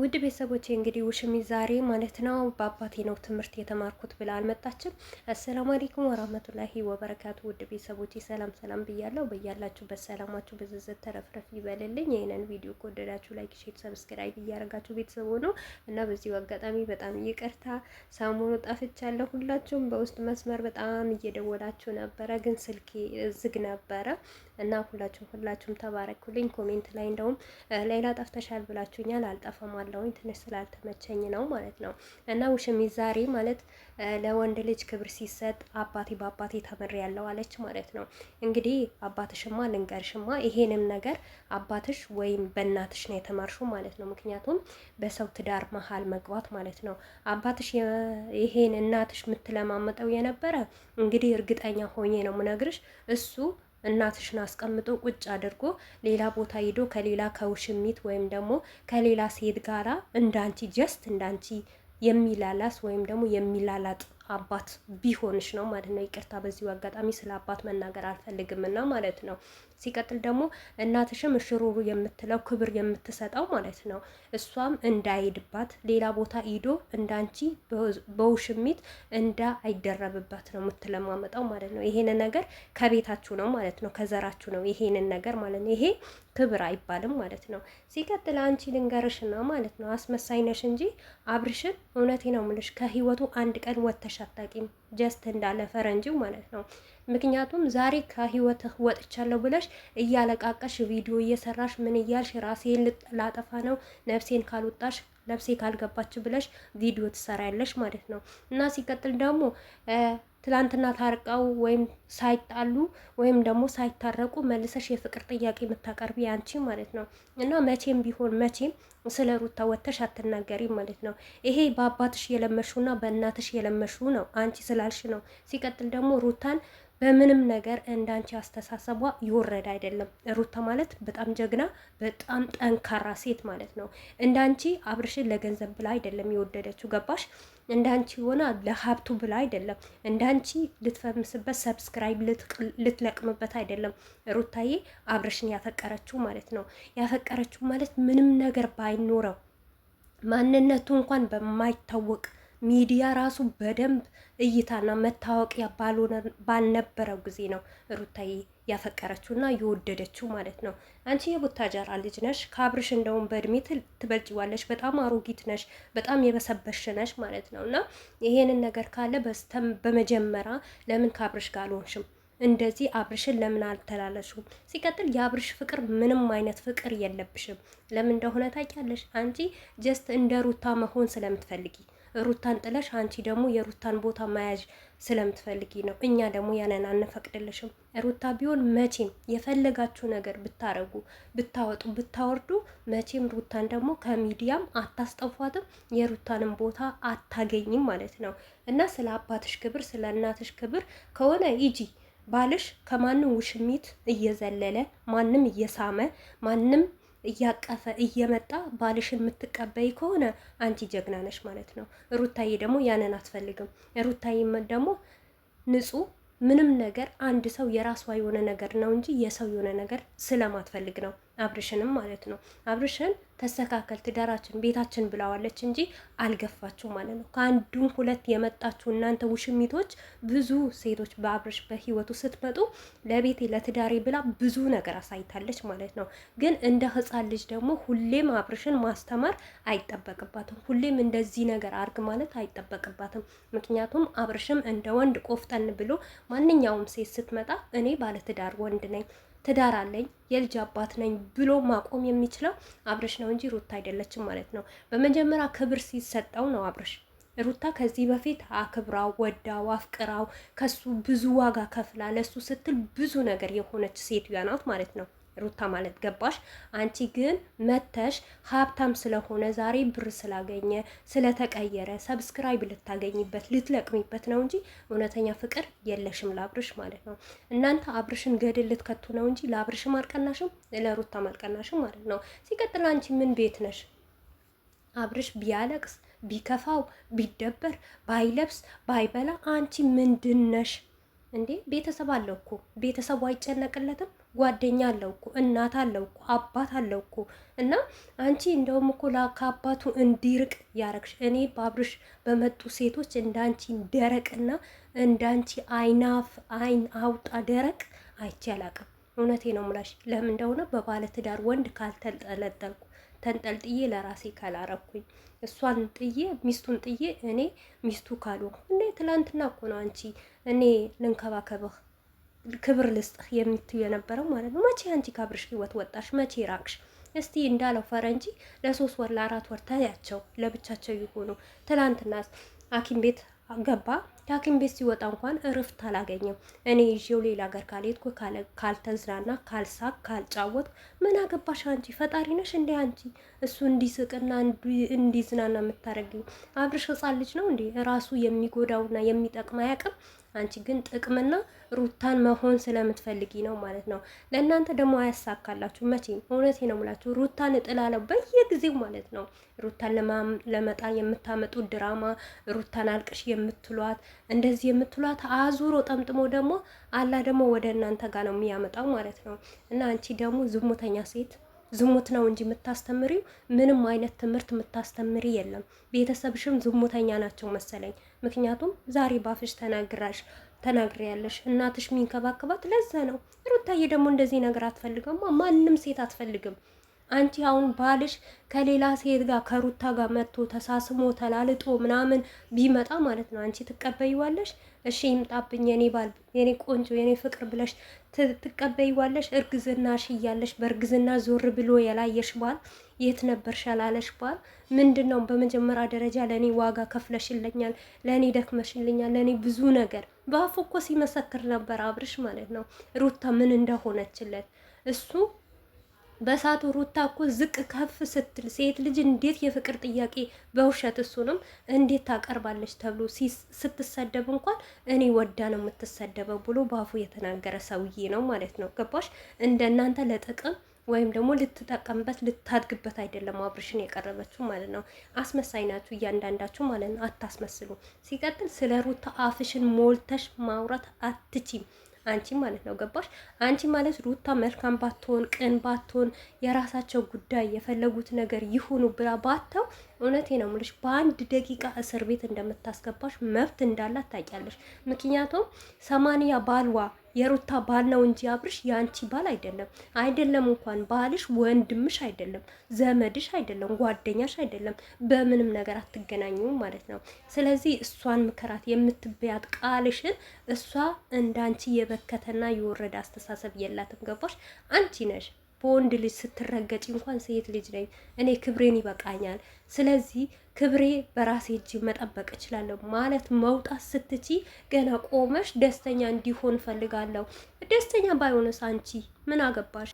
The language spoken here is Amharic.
ውድ ቤተሰቦቼ እንግዲህ ውሽሚ ዛሬ ማለት ነው በአባቴ ነው ትምህርት የተማርኩት ብላ አልመጣችም። አሰላሙ አለይኩም ወራህመቱላሂ ወበረካቱ። ውድ ቤተሰቦቼ ሰላም ሰላም ብያለሁ። በያላችሁበት በሰላማችሁ ብዝዝት ተረፍረፍ ይበልልኝ። ይህንን ቪዲዮ ከወደዳችሁ ላይክ፣ ሼር፣ ሰብስክራይብ እያደረጋችሁ ቤተሰብ ሆኖ እና በዚሁ አጋጣሚ በጣም ይቅርታ ሳሙኑ ጠፍቻለሁ። ሁላችሁም በውስጥ መስመር በጣም እየደወላችሁ ነበረ፣ ግን ስልኬ ዝግ ነበረ እና ሁላችሁም ሁላችሁም ተባረኩልኝ። ኮሜንት ላይ እንደውም ሌላ ጠፍተሻል ብላችሁኛል። አልጠፋም አቁመዋለሁኝ ትንሽ ስላልተመቸኝ ነው ማለት ነው። እና ውሽሚት ዛሬ ማለት ለወንድ ልጅ ክብር ሲሰጥ አባቴ በአባቴ ተምር ያለው አለች ማለት ነው። እንግዲህ አባትሽማ ልንገርሽማ ይሄንም ነገር አባትሽ ወይም በእናትሽ ነው የተማርሹ ማለት ነው። ምክንያቱም በሰው ትዳር መሀል መግባት ማለት ነው። አባትሽ ይሄን እናትሽ የምትለማመጠው የነበረ እንግዲህ እርግጠኛ ሆኜ ነው ምነግርሽ እሱ እናትሽን አስቀምጦ ቁጭ አድርጎ ሌላ ቦታ ሄዶ ከሌላ ከውሽሚት ወይም ደግሞ ከሌላ ሴት ጋራ እንዳንቺ ጀስት እንዳንቺ የሚላላስ ወይም ደግሞ የሚላላጥ አባት ቢሆንሽ ነው ማለት ነው። ይቅርታ በዚሁ አጋጣሚ ስለ አባት መናገር አልፈልግም እና ማለት ነው። ሲቀጥል ደግሞ እናትሽም እሽሩሩ የምትለው ክብር የምትሰጠው ማለት ነው። እሷም እንዳይሄድባት ሌላ ቦታ ሂዶ እንዳንቺ በውሽሚት እንዳ አይደረብባት ነው የምትለማመጠው ማለት ነው። ይሄን ነገር ከቤታችሁ ነው ማለት ነው፣ ከዘራችሁ ነው ይሄንን ነገር ማለት ነው። ይሄ ክብር አይባልም ማለት ነው። ሲቀጥል አንቺ ልንገርሽና ማለት ነው አስመሳይነሽ እንጂ አብርሽን እውነቴ ነው ምልሽ ከህይወቱ አንድ ቀን ወተሽ እንደሆነሽ አታቂም፣ ጀስት እንዳለ ፈረንጂው ማለት ነው። ምክንያቱም ዛሬ ከህይወትህ ወጥቻለሁ ብለሽ እያለቃቀሽ ቪዲዮ እየሰራሽ ምን እያልሽ ራሴን ላጠፋ ነው ነፍሴን ካልወጣሽ ለብሴ ካልገባች ብለሽ ቪዲዮ ትሰራያለሽ ማለት ነው። እና ሲቀጥል ደግሞ ትላንትና ታርቀው ወይም ሳይጣሉ ወይም ደግሞ ሳይታረቁ መልሰሽ የፍቅር ጥያቄ የምታቀርቢ አንቺ ማለት ነው። እና መቼም ቢሆን መቼም ስለ ሩታ ወተሽ አትናገሪ ማለት ነው። ይሄ በአባትሽ የለመሹና በእናትሽ የለመሹ ነው፣ አንቺ ስላልሽ ነው። ሲቀጥል ደግሞ ሩታን በምንም ነገር እንዳንቺ አስተሳሰቧ ይወረድ አይደለም። ሩታ ማለት በጣም ጀግና፣ በጣም ጠንካራ ሴት ማለት ነው። እንዳንቺ አብርሽን ለገንዘብ ብላ አይደለም የወደደችው፣ ገባሽ? እንዳንቺ ሆና ለሀብቱ ብላ አይደለም። እንዳንቺ ልትፈምስበት፣ ሰብስክራይብ ልትለቅምበት አይደለም። ሩታዬ አብርሽን ያፈቀረችው ማለት ነው። ያፈቀረችው ማለት ምንም ነገር ባይኖረው ማንነቱ እንኳን በማይታወቅ ሚዲያ ራሱ በደንብ እይታና መታወቂያ ባልነበረው ጊዜ ነው ሩታዬ ያፈቀረችው እና የወደደችው ማለት ነው። አንቺ የቡታጀራ ልጅ ነሽ፣ ከአብርሽ እንደውም በእድሜ ትበልጭዋለሽ፣ በጣም አሮጊት ነሽ፣ በጣም የበሰበሽ ነሽ ማለት ነው። እና ይሄንን ነገር ካለ በስተም በመጀመሪያ ለምን ከአብርሽ ጋር አልሆንሽም? እንደዚህ አብርሽን ለምን አልተላለሹም? ሲቀጥል የአብርሽ ፍቅር ምንም አይነት ፍቅር የለብሽም። ለምን እንደሆነ ታውቂያለሽ። አንቺ ጀስት እንደ ሩታ መሆን ስለምትፈልጊ ሩታን ጥለሽ አንቺ ደግሞ የሩታን ቦታ መያዥ ስለምትፈልጊ ነው። እኛ ደግሞ ያንን አንፈቅድልሽም። ሩታ ቢሆን መቼም የፈለጋችሁ ነገር ብታረጉ፣ ብታወጡ፣ ብታወርዱ መቼም ሩታን ደግሞ ከሚዲያም አታስጠፏትም፣ የሩታንም ቦታ አታገኝም ማለት ነው እና ስለ አባትሽ ክብር ስለ እናትሽ ክብር ከሆነ ይጂ ባልሽ ከማንም ውሽሚት እየዘለለ ማንም እየሳመ ማንም እያቀፈ እየመጣ ባልሽን የምትቀበይ ከሆነ አንቺ ጀግና ነሽ ማለት ነው። ሩታዬ ደግሞ ያንን አትፈልግም። ሩታዬም ደግሞ ንጹሕ ምንም ነገር አንድ ሰው የራሷ የሆነ ነገር ነው እንጂ የሰው የሆነ ነገር ስለማትፈልግ ነው። አብርሽንም ማለት ነው። አብርሽን ተስተካከል፣ ትዳራችን፣ ቤታችን ብላዋለች እንጂ አልገፋችሁ ማለት ነው። ከአንዱም ሁለት የመጣችሁ እናንተ ውሽሚቶች፣ ብዙ ሴቶች በአብርሽ በህይወቱ ስትመጡ ለቤቴ ለትዳሬ ብላ ብዙ ነገር አሳይታለች ማለት ነው። ግን እንደ ህፃን ልጅ ደግሞ ሁሌም አብርሽን ማስተማር አይጠበቅባትም። ሁሌም እንደዚህ ነገር አርግ ማለት አይጠበቅባትም። ምክንያቱም አብርሽም እንደ ወንድ ቆፍጠን ብሎ ማንኛውም ሴት ስትመጣ እኔ ባለትዳር ወንድ ነኝ ትዳር አለኝ የልጅ አባት ነኝ ብሎ ማቆም የሚችለው አብረሽ ነው እንጂ ሩታ አይደለችም ማለት ነው። በመጀመሪያ ክብር ሲሰጠው ነው አብረሽ። ሩታ ከዚህ በፊት አክብራው፣ ወዳው፣ አፍቅራው ከሱ ብዙ ዋጋ ከፍላ ለሱ ስትል ብዙ ነገር የሆነች ሴት ናት ማለት ነው። ሩታ ማለት ገባሽ? አንቺ ግን መተሽ ሀብታም ስለሆነ ዛሬ ብር ስላገኘ ስለተቀየረ ሰብስክራይብ ልታገኝበት ልትለቅሚበት ነው እንጂ እውነተኛ ፍቅር የለሽም ለአብርሽ ማለት ነው። እናንተ አብርሽን ገድል ልትከቱ ነው እንጂ ለአብርሽም አልቀናሽም፣ ለሩታም አልቀናሽም ማለት ነው። ሲቀጥል አንቺ ምን ቤት ነሽ? አብርሽ ቢያለቅስ ቢከፋው ቢደበር ባይለብስ ባይበላ አንቺ ምንድን ነሽ? እንዴ ቤተሰብ አለው እኮ ቤተሰቡ አይጨነቅለትም? ጓደኛ አለው እኮ እናት አለው እኮ አባት አለው እኮ። እና አንቺ እንደውም እኮ ከአባቱ እንዲርቅ ያረግሽ። እኔ ባብርሽ በመጡ ሴቶች እንዳንቺ ደረቅና እንዳንቺ አይናፍ አይን አውጣ ደረቅ አይቼ አላቅም። እውነቴ ነው ምላሽ። ለምን እንደሆነ በባለትዳር ወንድ ካልተጠለጠልኩ ተንጠልጥዬ ለራሴ ካላረኩኝ እሷን ጥዬ ሚስቱን ጥዬ እኔ ሚስቱ ካልሆንኩ እንደ ትላንትና እኮ ነው አንቺ እኔ ልንከባከብህ ክብር ልስጥህ የምትዩ የነበረው ማለት ነው። መቼ አንቺ ካብርሽ ህይወት ወጣሽ? መቼ ራቅሽ? እስቲ እንዳለው ፈረንጂ ለሶስት ወር ለአራት ወር ታያቸው፣ ለብቻቸው ይሆኑ። ትላንትና ሐኪም ቤት ገባ ሐኪም ቤት ሲወጣ እንኳን እርፍት አላገኘም። እኔ ይዤው ሌላ ሀገር ካልሄድኩ ካልተዝናና፣ ካልሳቅ፣ ካልጫወትኩ ምን አገባሽ አንቺ? ፈጣሪ ነሽ እንዲ አንቺ እሱ እንዲስቅና እንዲዝናና የምታደርጊው አብርሽ ህጻን ልጅ ነው እንዴ? ራሱ የሚጎዳውና የሚጠቅም አያውቅም። አንቺ ግን ጥቅምና ሩታን መሆን ስለምትፈልጊ ነው ማለት ነው። ለእናንተ ደግሞ አያሳካላችሁ መቼም። እውነቴ ነው የምላችሁ ሩታን እጥላለሁ በየጊዜው ማለት ነው። ሩታን ለመጣል የምታመጡ ድራማ፣ ሩታን አልቅሽ የምትሏት እንደዚህ የምትሏት አዙሮ ጠምጥሞ ደግሞ አላ ደግሞ ወደ እናንተ ጋር ነው የሚያመጣው ማለት ነው። እና አንቺ ደግሞ ዝሙተኛ ሴት ዝሙት ነው እንጂ የምታስተምሪው ምንም አይነት ትምህርት የምታስተምሪ የለም። ቤተሰብሽም ዝሙተኛ ናቸው መሰለኝ። ምክንያቱም ዛሬ ባፍሽ ተናግራሽ ያለሽ እናትሽ የሚንከባከባት ለዛ ነው። ሩታዬ ደግሞ እንደዚህ ነገር አትፈልገማ። ማንም ሴት አትፈልግም። አንቺ አሁን ባልሽ ከሌላ ሴት ጋር ከሩታ ጋር መጥቶ ተሳስሞ ተላልጦ ምናምን ቢመጣ ማለት ነው አንቺ ትቀበይዋለሽ? እሺ ይምጣብኝ፣ የኔ ባል፣ የኔ ቆንጆ፣ የኔ ፍቅር ብለሽ ትቀበይዋለሽ? እርግዝናሽ እያለሽ በእርግዝና ዞር ብሎ የላየሽ ባል፣ የት ነበርሽ ያላለሽ ባል ምንድን ነው? በመጀመሪያ ደረጃ ለእኔ ዋጋ ከፍለሽልኛል፣ ለእኔ ደክመሽልኛል፣ ለእኔ ብዙ ነገር በአፉ እኮ ሲመሰክር ነበር አብርሽ ማለት ነው ሩታ ምን እንደሆነችለት እሱ በሳቱ ሩታ እኮ ዝቅ ከፍ ስትል ሴት ልጅ እንዴት የፍቅር ጥያቄ በውሸት እሱንም እንዴት ታቀርባለች ተብሎ ስትሰደብ እንኳን እኔ ወዳ ነው የምትሰደበው ብሎ በአፉ የተናገረ ሰውዬ ነው ማለት ነው። ገባሽ? እንደናንተ ለጥቅም ወይም ደግሞ ልትጠቀምበት ልታድግበት አይደለም አብርሽን የቀረበችው ማለት ነው። አስመሳይ ናችሁ እያንዳንዳችሁ ማለት ነው። አታስመስሉ። ሲቀጥል ስለ ሩታ አፍሽን ሞልተሽ ማውራት አትችም። አንቺ ማለት ነው። ገባሽ? አንቺ ማለት ሩታ መልካም ባትሆን፣ ቅን ባትሆን፣ የራሳቸው ጉዳይ የፈለጉት ነገር ይሁኑ ብላ ባተው እውነቴ ነው የምልሽ፣ በአንድ ደቂቃ እስር ቤት እንደምታስገባሽ መብት እንዳላት ታውቂያለሽ። ምክንያቱም ሰማንያ ባልዋ የሩታ ባል ነው እንጂ አብርሽ የአንቺ ባል አይደለም። አይደለም እንኳን ባልሽ ወንድምሽ አይደለም፣ ዘመድሽ አይደለም፣ ጓደኛሽ አይደለም። በምንም ነገር አትገናኙም ማለት ነው። ስለዚህ እሷን ምከራት የምትበያት ቃልሽን። እሷ እንዳንቺ የበከተና የወረደ አስተሳሰብ የላትም። ገባሽ? አንቺ ነሽ በወንድ ልጅ ስትረገጭ እንኳን ሴት ልጅ ነኝ እኔ ክብሬን ይበቃኛል። ስለዚህ ክብሬ በራሴ እጅ መጠበቅ እችላለሁ ማለት መውጣት ስትቺ ገና ቆመሽ ደስተኛ እንዲሆን ፈልጋለሁ። ደስተኛ ባይሆንስ አንቺ ምን አገባሽ?